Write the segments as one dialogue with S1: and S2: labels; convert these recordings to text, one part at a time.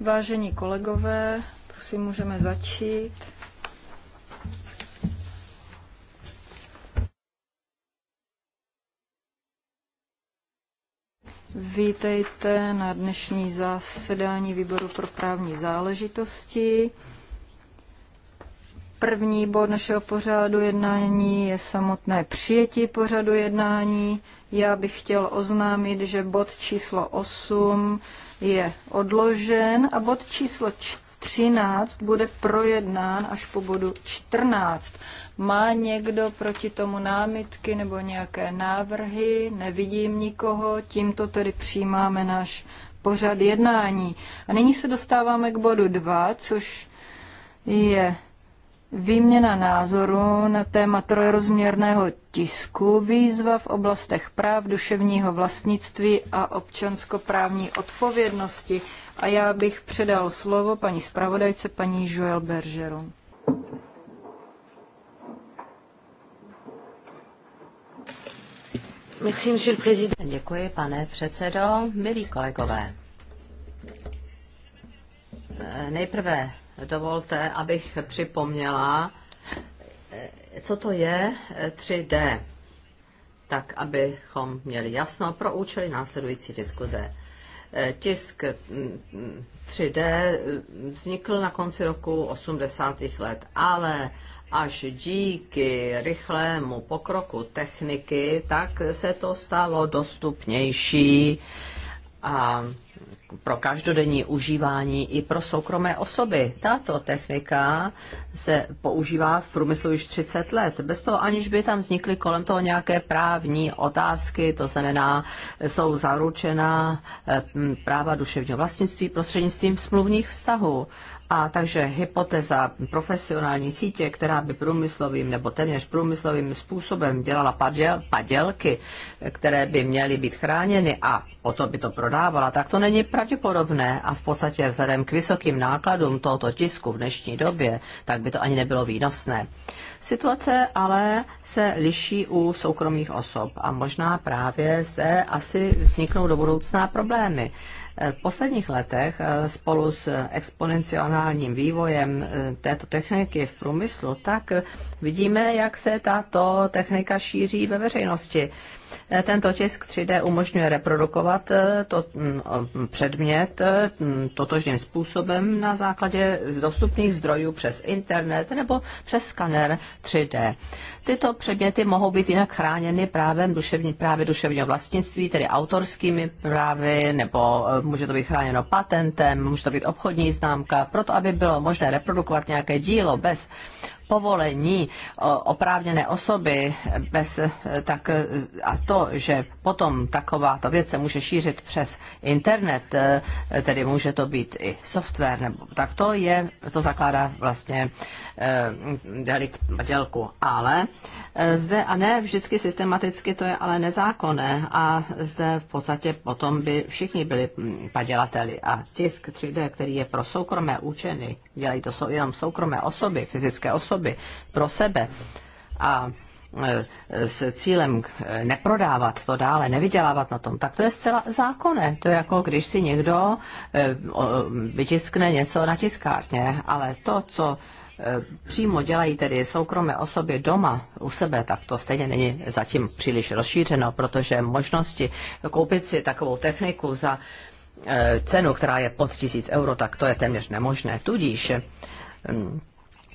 S1: Vážení kolegové, prosím, můžeme začít. Vítejte na dnešní zasedání výboru pro právní záležitosti. První bod našeho pořadu jednání je samotné přijetí pořadu jednání. Já bych chtěl oznámit, že bod číslo 8 je odložen a bod číslo 13 bude projednán až po bodu 14. Má někdo proti tomu námitky nebo nějaké návrhy? Nevidím nikoho, tímto tedy přijímáme náš pořad jednání. A nyní se dostáváme k bodu 2, což je Výměna názoru na téma trojrozměrného tisku, výzva v oblastech práv duševního vlastnictví a občanskoprávní odpovědnosti. A já bych předal slovo paní zpravodajce, paní Joel Bergeron.
S2: Děkuji, pane předsedo. Milí kolegové, nejprve dovolte, abych připomněla, eh, co to je 3D, eh, tak abychom měli jasno pro účely následující diskuze. Eh, tisk 3D mm, vznikl na konci roku 80. let, ale až díky rychlému pokroku techniky, tak se to stalo dostupnější a pro každodenní užívání i pro soukromé osoby. Tato technika se používá v průmyslu již 30 let, bez toho aniž by tam vznikly kolem toho nějaké právní otázky, to znamená, jsou zaručena eh, práva duševního vlastnictví prostřednictvím smluvních vztahů. A takže hypotéza profesionální sítě, která by průmyslovým nebo téměř průmyslovým způsobem dělala paděl, padělky, které by měly být chráněny a o to by to prodávala, tak to není pravděpodobné a v podstatě vzhledem k vysokým nákladům tohoto tisku v dnešní době, tak by to ani nebylo výnosné. Situace ale se liší u soukromých osob a možná právě zde asi vzniknou do budoucna problémy. V posledních letech eh, spolu s exponenciálním vývojem eh, této techniky v průmyslu, tak vidíme, jak se tato technika šíří ve veřejnosti. Tento tisk 3D umožňuje reprodukovat eh, to mm, předmět eh, mm, totožným způsobem na základě dostupných zdrojů přes internet nebo přes skaner 3D. Tyto předměty mohou být jinak chráněny právem duševní, právě duševního vlastnictví, tedy autorskými právy, nebo eh, může to být chráněno patentem, může to být obchodní známka, proto aby bylo možné reprodukovat nějaké dílo bez povolení oprávněné osoby bez, eh, tak, eh, a to, že potom taková to věc se může šířit přes internet, eh, tedy může to být i software, nebo, tak to je, to zakládá vlastně delikt dělku. Ale zde a ne vždycky systematicky, to je ale nezákonné a zde v podstatě potom by všichni byli mm, padělateli a tisk 3D, který je pro soukromé účely, dělají to jsou jenom soukromé osoby, fyzické osoby pro sebe a e, s cílem e, neprodávat to dále, nevydělávat na tom, tak to je zcela zákonné. To je jako, když si někdo e, vytiskne něco na tiskárně, ale to, co přímo dělají tedy soukromé osoby doma u sebe, tak to stejně není zatím příliš rozšířeno, protože možnosti koupit si takovou techniku za Eh, cenu, která je pod tisíc euro, tak to je téměř nemožné. Tudíž hm,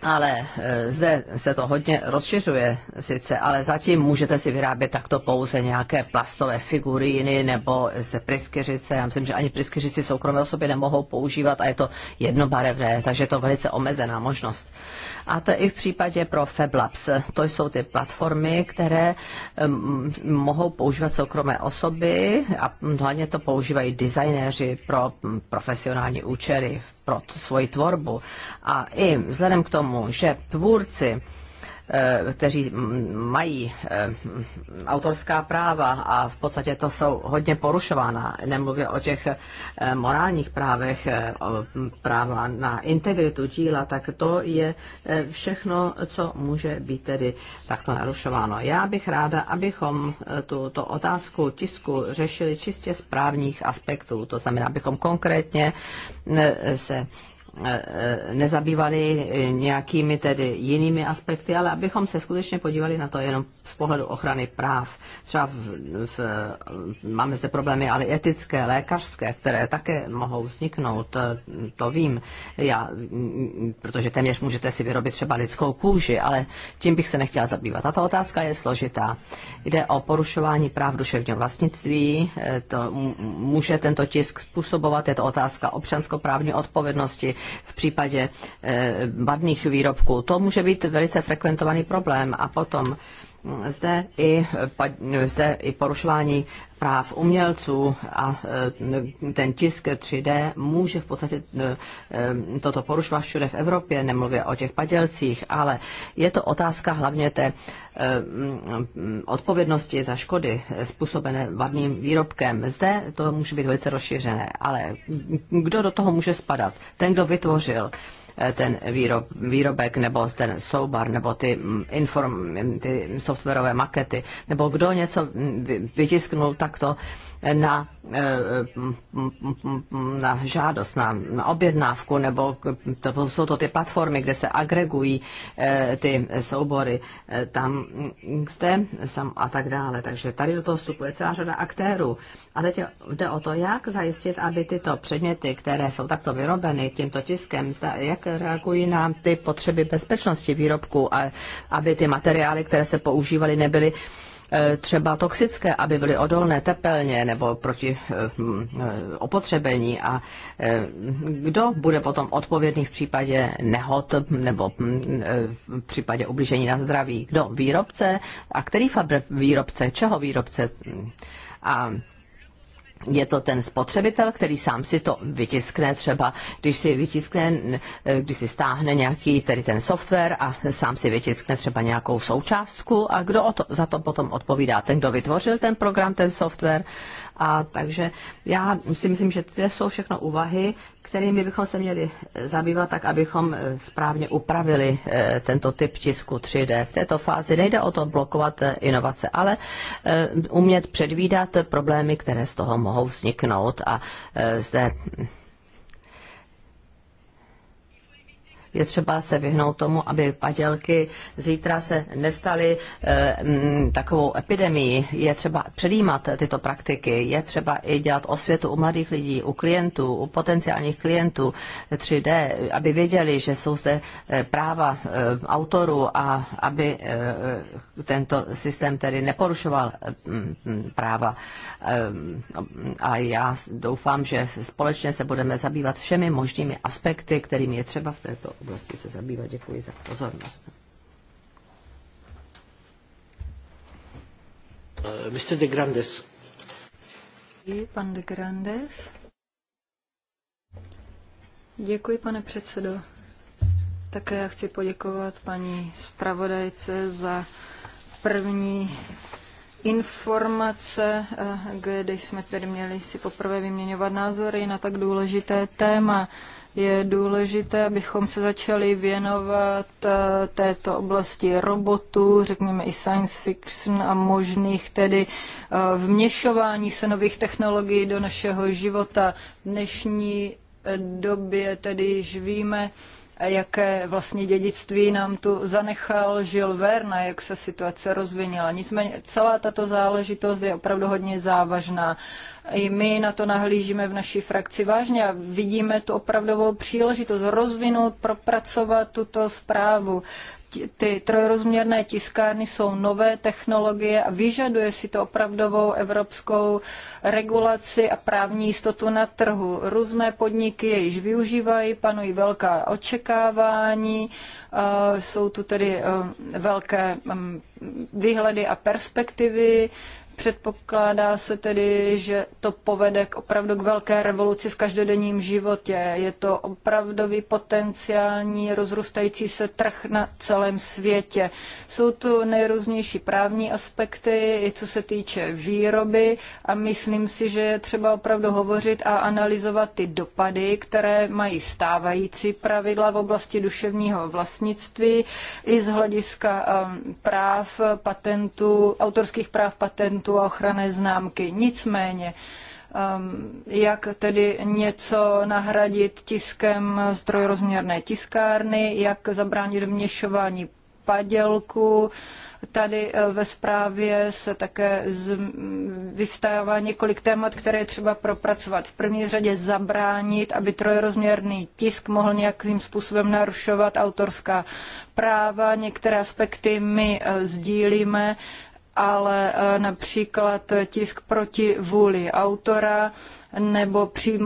S2: ale e, zde se to hodně rozšiřuje sice, ale zatím můžete si vyrábět takto pouze nějaké plastové figuríny nebo se pryskyřice. Já myslím, že ani pryskyřici soukromé osoby nemohou používat a je to jednobarevné, takže je to velice omezená možnost. A to je i v případě pro FabLabs. To jsou ty platformy, které mohou používat soukromé osoby a hlavně to používají designéři pro profesionální účely pro svoji tvorbu. A i vzhledem k tomu, že tvůrci Eh, kteří mají eh, autorská práva a v podstatě to jsou hodně porušována. Nemluvě o těch eh, morálních právech, práva na integritu díla, tak to je všechno, co může být tedy takto narušováno. Já bych ráda, abychom tuto otázku tisku řešili čistě z právních aspektů. To znamená, abychom konkrétně se Eh, eh, nezabývali nějakými tedy jinými aspekty, ale abychom se skutečně podívali na to jenom z pohledu ochrany práv. Třeba v, v, máme zde problémy ale etické, lékařské, které také mohou vzniknout, to, eh, to vím, já, mm, protože téměř můžete si vyrobit třeba lidskou kůži, ale tím bych se nechtěla zabývat. Tato otázka je složitá. Jde o porušování práv duševního vlastnictví, to může tento tisk způsobovat, je to otázka občanskoprávní odpovědnosti, v případě eh, vadných výrobků. To může být velice frekventovaný problém. A potom zde i, zde i porušování práv umělců a e, ten tisk 3D může v podstatě e, e, toto porušovat všude v Evropě, nemluvě o těch padělcích, ale je to otázka hlavně té odpovědnosti za škody způsobené vadným výrobkem. Zde to může být velice rozšířené, ale kdo do toho může spadat? Ten, kdo vytvořil Eh, ten výrob, výrobek nebo ten soubar nebo ty, mm, inform, ty softwarové makety, nebo kdo něco mm, vytisknul takto, na, eh, na žádost, na, objednávku, nebo to jsou to ty platformy, kde se agregují eh, ty soubory, eh, tam, kde sam a tak dále. Takže tady do toho vstupuje celá řada aktérů. A teď jde o to, jak zajistit, aby tyto předměty, které jsou takto vyrobeny tímto tiskem, jak reagují na ty potřeby bezpečnosti výrobku a aby ty materiály, které se používaly, nebyly Eh, třeba toxické, aby byly odolné tepelně nebo proti eh, hm, eh, opotřebení a kdo bude potom odpovědný v případě nehod nebo hm, v případě ublížení na zdraví? Kdo? Výrobce? A který fabr výrobce? Čeho výrobce? Hm, a je to ten spotřebitel, který sám si to vytiskne, třeba když si vytiskne, eh, když si stáhne nějaký tedy ten software a sám si vytiskne třeba nějakou součástku a kdo o to, za to potom odpovídá, ten, kdo vytvořil ten program, ten software a takže já si myslím, že to jsou všechno úvahy, kterými bychom se měli zabývat tak, abychom eh, správně upravili eh, tento typ tisku 3D. V této fázi nejde o to blokovat eh, inovace, ale umět předvídat problémy, které z toho mohou vzniknout a zde Je třeba se vyhnout tomu, aby padělky zítra se nestaly eh, mm, takovou epidemií. Je třeba předjímat tyto praktiky. Je třeba i dělat osvětu u mladých lidí, u klientů, u potenciálních klientů 3D, aby věděli, že jsou zde eh, práva eh, autorů a aby tento systém tedy neporušoval mm, práva. A já doufám, že společně se budeme zabývat všemi možnými aspekty, kterými je třeba v této oblasti se zabývat. Děkuji za pozornost.
S3: Eh, Mr. de Grandes.
S1: Pan de Grandes. Děkuji, pane předsedo. Také já chci poděkovat paní zpravodajce za první informace, eh, kde jsme tedy měli si poprvé vyměňovat názory na tak důležité téma. Je důležité, abychom se začali věnovat eh, této oblasti robotu, řekněme i science fiction a možných tedy eh, vměšování se nových technologií do našeho života. V dnešní době tedy již víme, jaké vlastně dědictví nám tu zanechal Jules Verne, jak se situace rozvinila. Nicméně celá tato záležitost je opravdu hodně závažná. I my na to nahlížíme v naší frakci vážně a vidíme tu opravdovou příležitost rozvinout, propracovat tuto zprávu ty trojrozměrné tiskárny jsou nové technologie a vyžaduje si to opravdovou evropskou regulaci a právní jistotu na trhu. Různé podniky je již využívají, panují velká očekávání, eh, jsou tu tedy eh, velké mm, výhledy a perspektivy, Předpokládá se tedy, že to povede k opravdu k velké revoluci v každodenním životě. Je to opravdový potenciální rozrůstající se trh na celém světě. Jsou tu nejrůznější právní aspekty, i co se týče výroby a myslím si, že je třeba opravdu hovořit a analyzovat ty dopady, které mají stávající pravidla v oblasti duševního vlastnictví i z hlediska um, práv patentů, autorských práv patentů patentu a ochranné známky. Nicméně, um, jak tedy něco nahradit tiskem strojrozměrné trojrozměrné tiskárny, jak zabránit vměšování padělku. Tady eh, ve zprávě se také vyvstává několik témat, které je třeba propracovat. V první řadě zabránit, aby trojrozměrný tisk mohl nějakým způsobem narušovat autorská práva. Některé aspekty my eh, sdílíme ale eh, například tisk proti vůli autora nebo při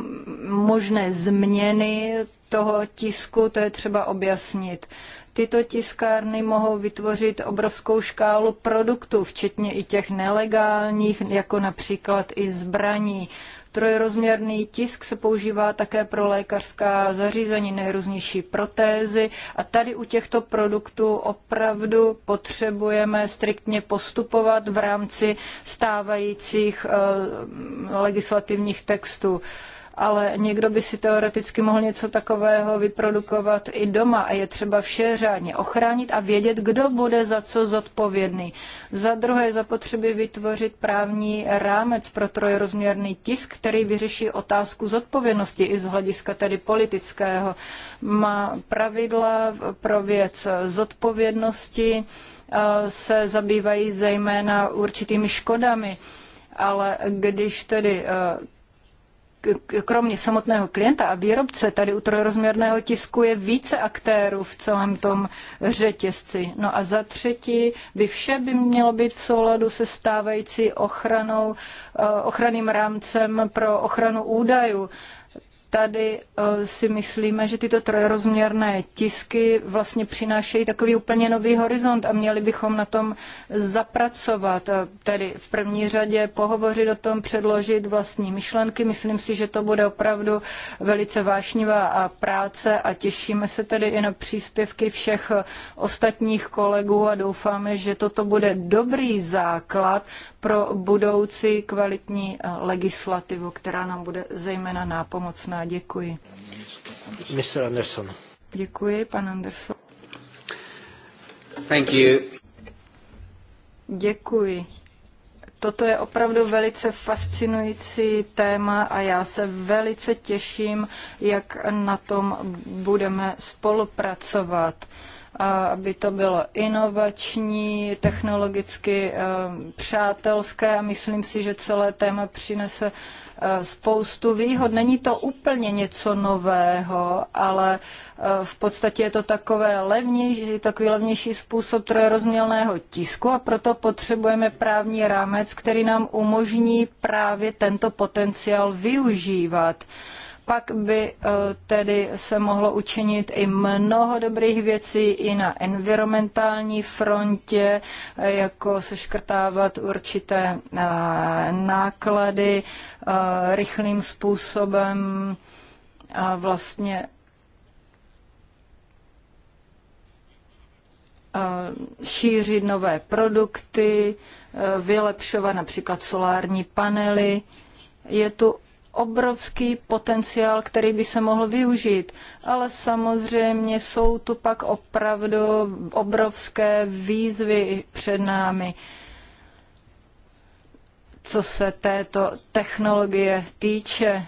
S1: možné změny toho tisku, to je třeba objasnit. Tyto tiskárny mohou vytvořit obrovskou škálu produktů, včetně i těch nelegálních, jako například i zbraní. Trojrozměrný tisk se používá také pro lékařská zařízení, nejrůznější protézy a tady u těchto produktů opravdu potřebujeme striktně postupovat v rámci stávajících eh, legislativních textů ale někdo by si teoreticky mohl něco takového vyprodukovat i doma a je třeba vše řádně ochránit a vědět, kdo bude za co zodpovědný. Za druhé zapotřebí vytvořit právní rámec pro trojrozměrný tisk, který vyřeší otázku zodpovědnosti i z hlediska tedy politického. Má pravidla pro věc zodpovědnosti, eh, se zabývají zejména určitými škodami ale když tedy eh, kromě samotného klienta a výrobce, tady u trojrozměrného tisku je více aktérů v celém tom řetězci. No a za třetí by vše by mělo být v souladu se stávající ochranou, eh, ochranným rámcem pro ochranu údajů tady eh, si myslíme, že tyto trojrozměrné tisky vlastně přinášejí takový úplně nový horizont a měli bychom na tom zapracovat, eh, tedy v první řadě pohovořit o tom, předložit vlastní myšlenky. Myslím si, že to bude opravdu velice vášnivá práce a těšíme se tedy i na příspěvky všech eh, ostatních kolegů a doufáme, že toto bude dobrý základ pro budoucí kvalitní eh, legislativu, která nám bude zejména nápomocná. Děkuji.
S3: Mr. Anderson.
S1: Děkuji, pan Anderson. Thank you. Děkuji. Toto je opravdu velice fascinující téma a já se velice těším, jak na tom budeme spolupracovat aby to bylo inovační, technologicky eh, přátelské a myslím si, že celé téma přinese eh, spoustu výhod. Není to úplně něco nového, ale eh, v podstatě je to takové levnější, takový levnější způsob trojrozmělného tisku a proto potřebujeme právní rámec, který nám umožní právě tento potenciál využívat pak by eh, tedy se mohlo učinit i mnoho dobrých věcí i na environmentální frontě, eh, jako seškrtávat určité eh, náklady rychlým způsobem a vlastně šířit nové produkty, vylepšovat například solární panely. Je tu obrovský potenciál, který by se mohl využít. Ale samozřejmě jsou tu pak opravdu obrovské výzvy před námi co se této technologie týče.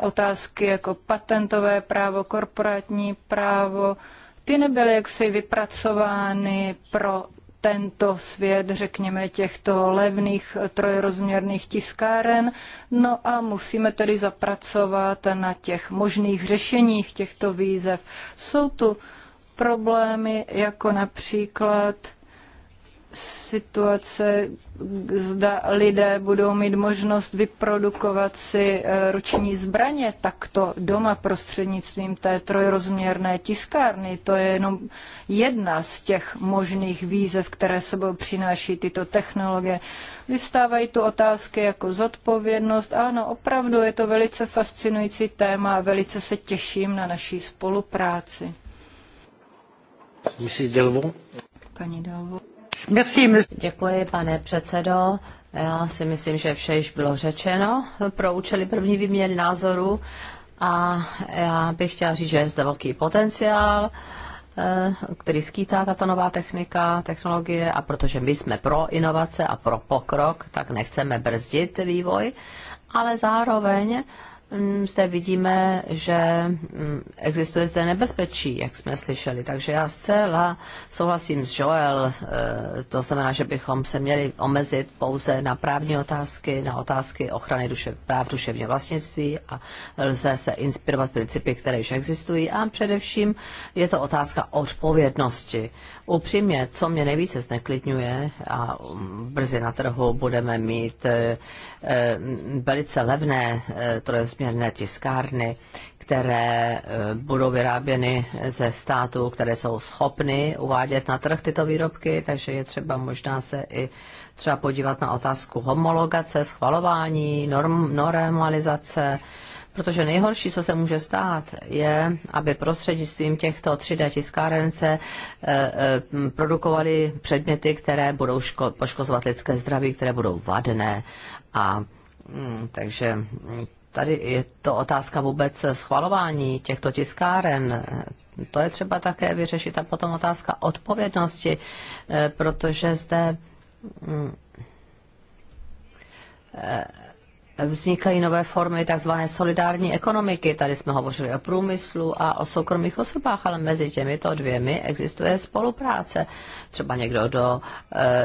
S1: Otázky jako patentové právo, korporátní právo, ty nebyly jaksi vypracovány pro tento svět, řekněme, těchto levných trojrozměrných tiskáren. No a musíme tedy zapracovat na těch možných řešeních těchto výzev. Jsou tu problémy jako například situace, zda lidé budou mít možnost vyprodukovat si eh, ruční zbraně takto doma prostřednictvím té trojrozměrné tiskárny. To je jenom jedna z těch možných výzev, které sebou přináší tyto technologie. Vyvstávají tu otázky jako zodpovědnost. Ano, opravdu je to velice fascinující téma a velice se těším na naší spolupráci.
S3: Mrs. Delvaux.
S1: Paní Delvaux. Děkuji, pane
S2: předsedo. Já si myslím, že vše již bylo řečeno pro účely první výměny názoru a já bych chtěla říct, že je zde velký potenciál, eh, který skýtá tato nová technika, technologie a protože my jsme pro inovace a pro pokrok, tak nechceme brzdit vývoj, ale zároveň Mm, zde vidíme, že mm, existuje zde nebezpečí, jak jsme slyšeli. Takže já zcela souhlasím s Joel. Eh, to znamená, že bychom se měli omezit pouze na právní otázky, na otázky ochrany duše, práv duševního vlastnictví a lze se inspirovat principy, které již existují. A především je to otázka odpovědnosti. Upřímně, co mě nejvíce zneklidňuje, a mm, brzy na trhu budeme mít eh, eh, velice levné to je nesmírné tiskárny, které eh, budou vyráběny ze států, které jsou schopny uvádět na trh tyto výrobky, takže je třeba možná se i třeba podívat na otázku homologace, schvalování, norm, normalizace, protože nejhorší, co se může stát, je, aby prostřednictvím těchto 3D tiskáren se e, e, produkovaly předměty, které budou ško- poškozovat lidské zdraví, které budou vadné a mm, takže mm, tady je to otázka vůbec schvalování těchto tiskáren. To je třeba také vyřešit. A potom otázka odpovědnosti, eh, protože zde mm, eh, vznikají nové formy tzv. solidární ekonomiky. Tady jsme hovořili o průmyslu a o soukromých osobách, ale mezi těmito dvěmi existuje spolupráce. Třeba někdo do,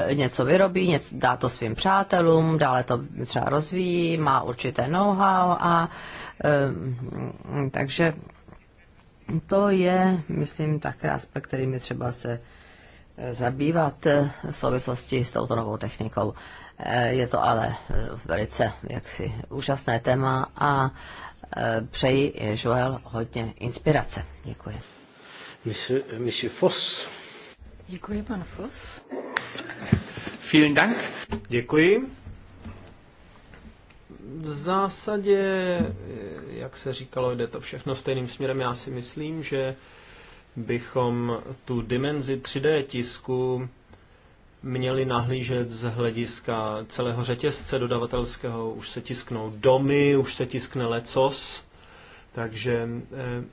S2: e, něco vyrobí, něco, dá to svým přátelům, dále to třeba rozvíjí, má určité know-how a e, takže to je, myslím, také aspekt, kterým je třeba se e, zabývat e, v souvislosti s touto novou technikou. Eh, je to ale eh, velice jaksi úžasné téma a eh, přeji Joel hodně inspirace. Děkuji.
S3: Monsieur, monsieur Foss.
S1: Děkuji, pan Foss.
S3: Vielen Dank. Děkuji. V zásadě, jak se říkalo, jde to všechno stejným směrem. Já si myslím, že bychom tu dimenzi 3D tisku měli nahlížet z hlediska celého řetězce dodavatelského. Už se tisknou domy, už se tiskne lecos, takže eh,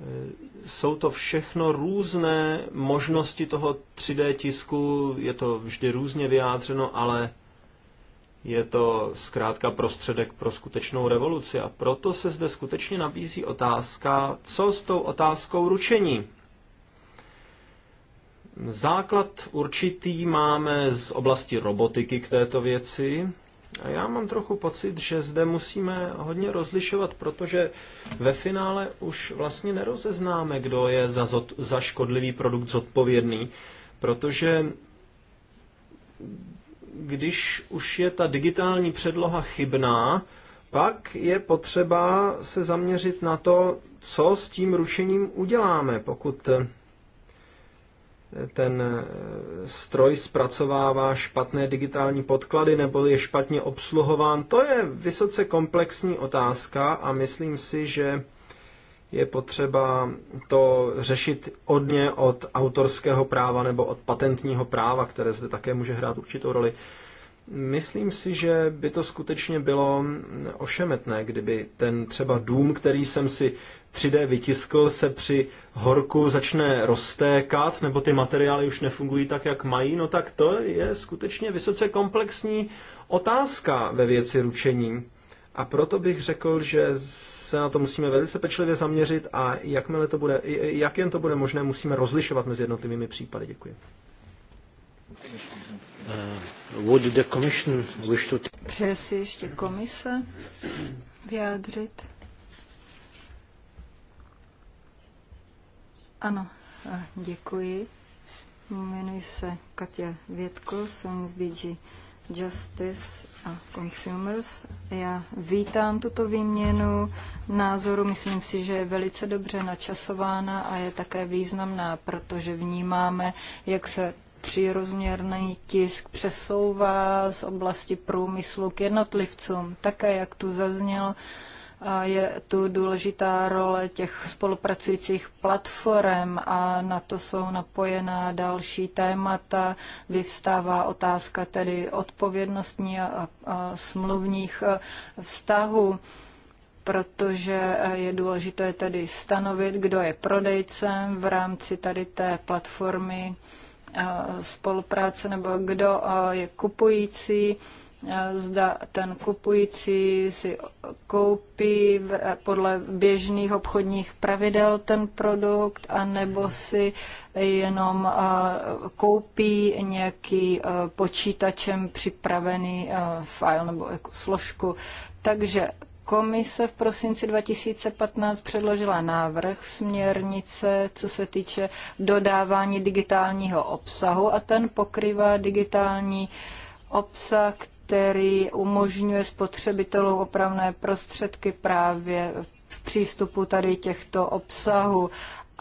S3: eh, jsou to všechno různé možnosti toho 3D tisku, je to vždy různě vyjádřeno, ale je to zkrátka prostředek pro skutečnou revoluci a proto se zde skutečně nabízí otázka, co s tou otázkou ručení. Základ určitý máme z oblasti robotiky k této věci. A já mám trochu pocit, že zde musíme hodně rozlišovat, protože ve finále už vlastně nerozeznáme, kdo je za, zod, za škodlivý produkt zodpovědný, protože když už je ta digitální předloha chybná, pak je potřeba se zaměřit na to, co s tím rušením uděláme. Pokud ten eh, stroj zpracovává špatné digitální podklady nebo je špatně obsluhován. To je vysoce komplexní otázka a myslím si, že je potřeba to řešit odně od autorského práva nebo od patentního práva, které zde také může hrát určitou roli. Myslím si, že by to skutečně bylo ošemetné, kdyby ten třeba dům, který jsem si 3D vytiskl, se při horku začne roztékat, nebo ty materiály už nefungují tak, jak mají, no tak to je skutečně vysoce komplexní otázka ve věci ručení. A proto bych řekl, že se na to musíme velice pečlivě zaměřit a jakmile to bude, jak jen to bude možné, musíme rozlišovat mezi jednotlivými případy. Děkuji. Uh. Would the commission wish to...
S1: Přeje si ještě komise vyjádřit? Ano, děkuji. Jmenuji se Katě Větko, jsem z DG Justice a Consumers. Já vítám tuto výměnu názoru. Myslím si, že je velice dobře načasována a je také významná, protože vnímáme, jak se třírozměrný tisk přesouvá z oblasti průmyslu k jednotlivcům. Také, jak tu zaznělo, je tu důležitá role těch spolupracujících platform a na to jsou napojená další témata. Vyvstává otázka tedy odpovědnostní a smluvních e, vztahů protože e, je důležité tedy stanovit, kdo je prodejcem v rámci tady té platformy Eh, spolupráce nebo kdo eh, je kupující, eh, zda ten kupující si koupí podle běžných obchodních pravidel ten produkt, anebo si jenom koupí nějaký počítačem připravený file nebo jako složku. Takže Komise v prosinci 2015 předložila návrh směrnice, co se týče dodávání digitálního obsahu a ten pokrývá digitální obsah, který umožňuje spotřebitelům opravné prostředky právě v přístupu tady těchto obsahů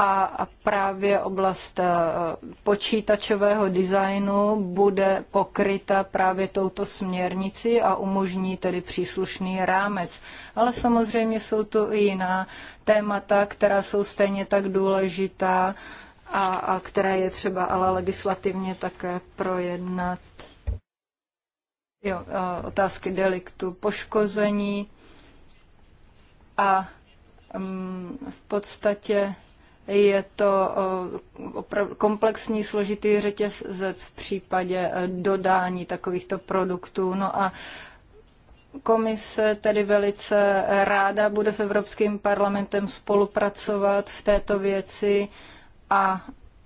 S1: a právě oblast e, počítačového designu bude pokryta právě touto směrnici a umožní tedy příslušný rámec. Ale samozřejmě jsou tu i jiná témata, která jsou stejně tak důležitá a, a které je třeba ale legislativně také projednat. Jo, e, otázky deliktu, poškození a mm, v podstatě je to eh, komplexní, složitý řetězec v případě eh, dodání takovýchto produktů. No a komise tedy velice ráda bude s Evropským parlamentem spolupracovat v této věci a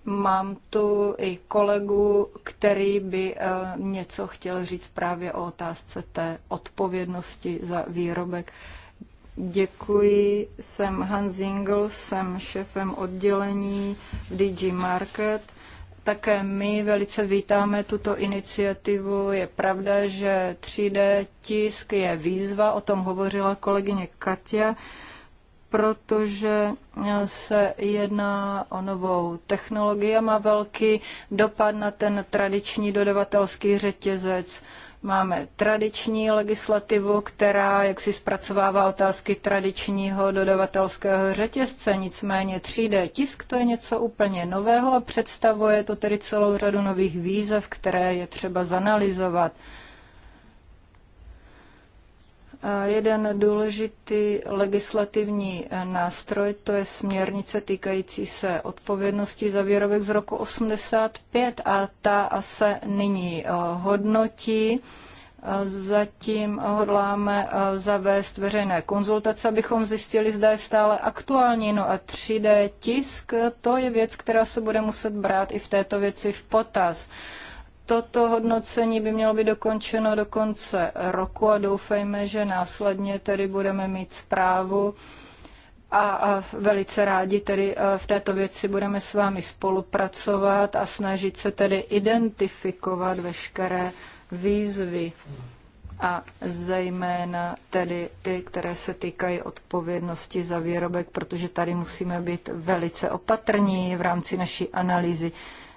S1: mám tu i kolegu, který by eh, něco chtěl říct právě o otázce té odpovědnosti za výrobek. Děkuji, jsem Hans Ingel, jsem šéfem oddělení v DG Market. Také my velice vítáme tuto iniciativu. Je pravda, že 3D tisk je výzva, o tom hovořila kolegyně Katia, protože se jedná o novou technologii a má velký dopad na ten tradiční dodavatelský řetězec Máme tradiční legislativu, která jak si zpracovává otázky tradičního dodavatelského řetězce, nicméně 3D tisk to je něco úplně nového a představuje to tedy celou řadu nových výzev, které je třeba zanalizovat. Eh, jeden důležitý legislativní eh, nástroj, to je směrnice týkající se odpovědnosti za výrobek z roku 85 a ta se nyní eh, hodnotí. Zatím hodláme zavést veřejné konzultace, abychom zjistili, zda je stále aktuální. No a 3D tisk, to je věc, která se bude muset brát i v této věci v potaz. Toto hodnocení by mělo být dokončeno do konce roku a doufejme, že následně tedy budeme mít zprávu a, a velice rádi tedy e, v této věci budeme s vámi spolupracovat a snažit se tedy identifikovat veškeré výzvy a zejména tedy ty, které se týkají odpovědnosti za výrobek, protože tady musíme být velice opatrní v rámci naší analýzy.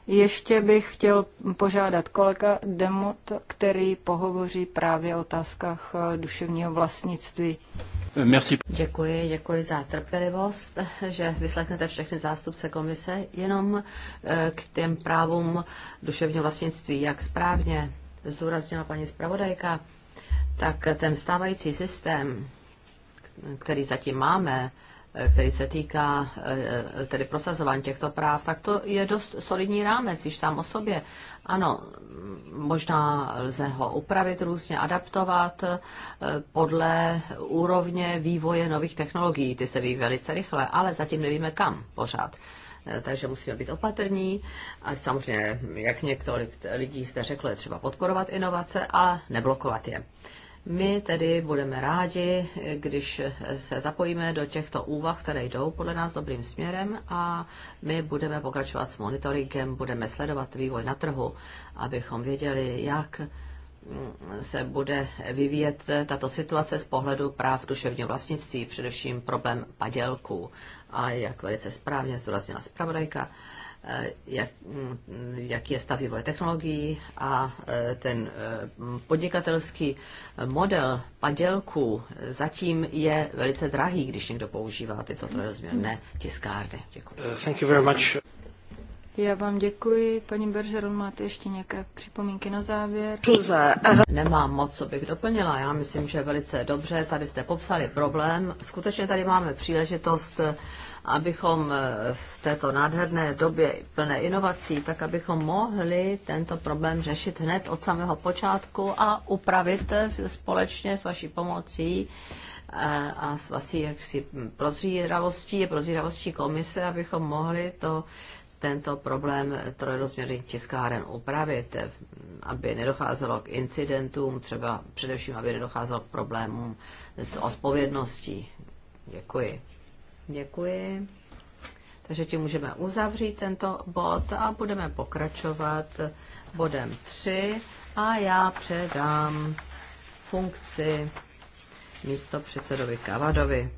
S1: Ještě bych chtěl požádat kolega Demot, který pohovoří právě o otázkách eh, duševního vlastnictví. Merci. Děkuji, děkuji za trpělivost, že vyslechnete všechny zástupce komise
S2: jenom eh, k těm právům duševního vlastnictví, jak správně zdůraznila paní zpravodajka, tak ten stávající systém, který zatím máme, který se týká eh, tedy prosazování těchto práv, tak to je dost solidní rámec již sám o sobě. Ano, možná lze ho upravit různě, adaptovat eh, podle úrovně vývoje nových technologií. Ty se vyvíjí velice rychle, ale zatím nevíme kam pořád eh, takže musíme být opatrní. A samozřejmě, jak několik lidí jste řekl, je třeba podporovat inovace a neblokovat je. My tedy budeme rádi, když se zapojíme do těchto úvah, které jdou podle nás dobrým směrem a my budeme pokračovat s monitoringem, budeme sledovat vývoj na trhu, abychom věděli, jak se bude vyvíjet tato situace z pohledu práv duševního vlastnictví, především problém padělků. A jak velice správně zdůraznila zpravodajka, Eh, jak, mm, jaký je stav vývoje technologií a eh, ten eh, podnikatelský model padělků zatím je velice drahý, když někdo používá tyto trojrozměrné tiskárny. Děkuji. Thank you very much.
S1: Já vám děkuji. Paní Beržeron, máte ještě nějaké připomínky na závěr?
S2: Nemám moc, co bych doplnila. Já myslím, že velice dobře. Tady jste popsali problém. Skutečně tady máme příležitost abychom v této nádherné době plné inovací, tak abychom mohli tento problém řešit hned od samého počátku a upravit společně s vaší pomocí eh, a s vaší jaksi prozíravostí, prozíravostí komise, abychom mohli to tento problém trojrozměrných tiskáren upravit, aby nedocházelo k incidentům, třeba především, aby nedocházelo k problémům s odpovědností. Děkuji. Děkuji. Takže tím můžeme uzavřít tento bod a budeme pokračovat bodem 3 a já předám funkci místo předsedovi Kavadovi.